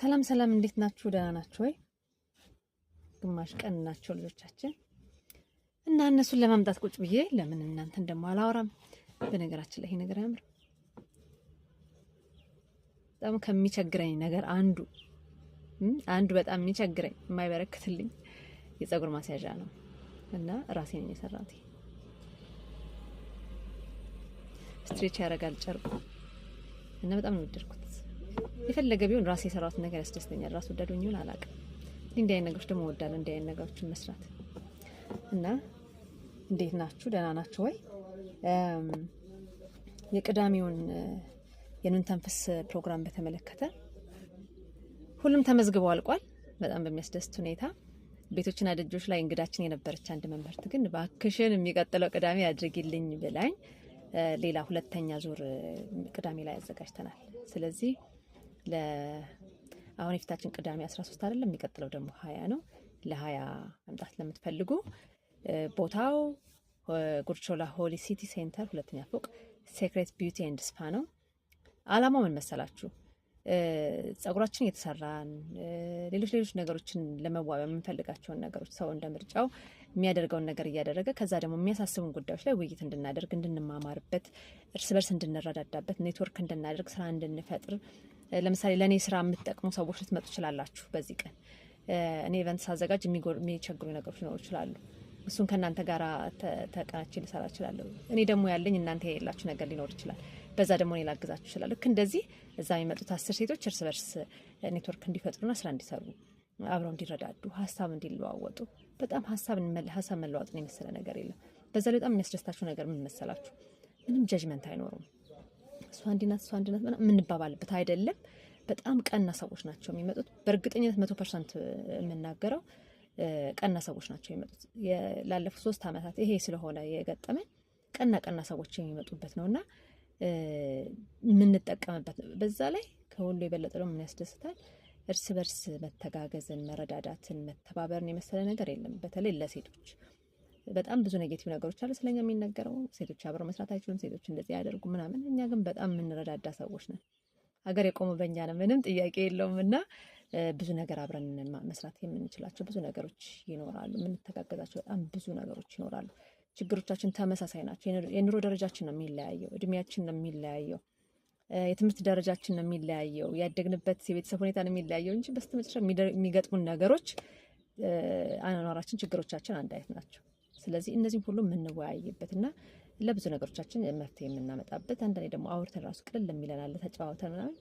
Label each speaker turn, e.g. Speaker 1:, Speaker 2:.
Speaker 1: ሰላም ሰላም፣ እንዴት ናችሁ? ደህና ናችሁ ወይ? ግማሽ ቀን ናቸው ልጆቻችን እና እነሱን ለማምጣት ቁጭ ብዬ ለምን እናንተ አላወራም በነገራችን ላይ ይሄ ነገር አያምር። በጣም ከሚቸግረኝ ነገር አንዱ አንዱ በጣም የሚቸግረኝ የማይበረክትልኝ የፀጉር ማስያዣ ነው እና ራሴ ነኝ የሰራት። ስትሬች ያደርጋል ጨርቁ እና በጣም ነው የወደድኩት። የፈለገ ቢሆን ራሴ የሰራሁትን ነገር ያስደስተኛል። ራስ ወዳድ ሆኜ ይሁን አላውቅም። እንዲህ አይነት ነገሮች ደግሞ እወዳለሁ፣ እንዲህ አይነት ነገሮችን መስራት እና እንዴት ናችሁ? ደህና ናችሁ ወይ? የቅዳሜውን ተንፈስ ፕሮግራም በተመለከተ ሁሉም ተመዝግቦ አልቋል። በጣም በሚያስደስት ሁኔታ ቤቶችና ደጆች ላይ እንግዳችን የነበረች አንድ መምህርት ግን በአክሽን የሚቀጥለው ቅዳሜ አድርጊልኝ ብላኝ ሌላ ሁለተኛ ዙር ቅዳሜ ላይ አዘጋጅተናል። ስለዚህ አሁን የፊታችን ቅዳሜ 13 አይደለም፣ የሚቀጥለው ደግሞ ሀያ ነው። ለሀያ መምጣት ለምትፈልጉ ቦታው ጉርቾላ ሆሊ ሲቲ ሴንተር ሁለተኛ ፎቅ ሴክሬት ቢዩቲ ኤንድ ስፓ ነው። አላማው ምን መሰላችሁ? ጸጉራችን እየተሰራን ሌሎች ሌሎች ነገሮችን ለመዋቢያ የምንፈልጋቸውን ነገሮች ሰው እንደ ምርጫው የሚያደርገውን ነገር እያደረገ ከዛ ደግሞ የሚያሳስቡን ጉዳዮች ላይ ውይይት እንድናደርግ እንድንማማርበት፣ እርስ በርስ እንድንረዳዳበት፣ ኔትወርክ እንድናደርግ፣ ስራ እንድንፈጥር ለምሳሌ ለእኔ ስራ የምትጠቅሙ ሰዎች ልትመጡ ትችላላችሁ። በዚህ ቀን እኔ ኢቨንት ሳዘጋጅ የሚቸግሩ ነገሮች ሊኖሩ ይችላሉ። እሱን ከእናንተ ጋር ተቀናቼ ልሰራ እችላለሁ። እኔ ደግሞ ያለኝ እናንተ የሌላችሁ ነገር ሊኖር ይችላል። በዛ ደግሞ እኔ ላግዛችሁ ልክ እንደዚህ እዛ የሚመጡት አስር ሴቶች እርስ በርስ ኔትወርክ እንዲፈጥሩና ስራ እንዲሰሩ አብረው እንዲረዳዱ ሀሳብ እንዲለዋወጡ በጣም ሀሳብ ሀሳብ መለዋወጥን የመሰለ ነገር የለም። በዛ ላይ በጣም የሚያስደስታችሁ ነገር ምን መሰላችሁ? ምንም ጀጅመንት አይኖሩም። እሷ እንዲናት እሷ እንዲናት የምንባባልበት አይደለም። በጣም ቀና ሰዎች ናቸው የሚመጡት። በእርግጠኝነት መቶ ፐርሰንት የምናገረው ቀና ሰዎች ናቸው የሚመጡት። ላለፉት ሶስት ዓመታት ይሄ ስለሆነ የገጠመኝ ቀና ቀና ሰዎች የሚመጡበት ነው እና የምንጠቀምበት ነው። በዛ ላይ ከሁሉ የበለጠ ደግሞ ምን ያስደስታል? እርስ በርስ መተጋገዝን፣ መረዳዳትን፣ መተባበርን የመሰለ ነገር የለም። በተለይ ለሴቶች በጣም ብዙ ኔጌቲቭ ነገሮች አሉ ስለኛ የሚነገረው ሴቶች አብረው መስራት አይችሉም፣ ሴቶች እንደዚህ ያደርጉ ምናምን። እኛ ግን በጣም የምንረዳዳ ሰዎች ነን። ሀገር የቆመ በእኛ ነው፣ ምንም ጥያቄ የለውም። እና ብዙ ነገር አብረን መስራት የምንችላቸው ብዙ ነገሮች ይኖራሉ፣ የምንተጋገዛቸው በጣም ብዙ ነገሮች ይኖራሉ። ችግሮቻችን ተመሳሳይ ናቸው። የኑሮ ደረጃችን ነው የሚለያየው፣ እድሜያችን ነው የሚለያየው፣ የትምህርት ደረጃችን ነው የሚለያየው፣ ያደግንበት የቤተሰብ ሁኔታ ነው የሚለያየው እንጂ በስተመጨረሻ የሚገጥሙን ነገሮች አኗኗራችን፣ ችግሮቻችን አንድ አይነት ናቸው። ስለዚህ እነዚህም ሁሉ የምንወያይበት እና ለብዙ ነገሮቻችን መፍትሄ የምናመጣበት አንዳንዴ ደግሞ አውርተን ራሱ ቅልል የሚለናለ አለ ተጨዋውተን ምናምን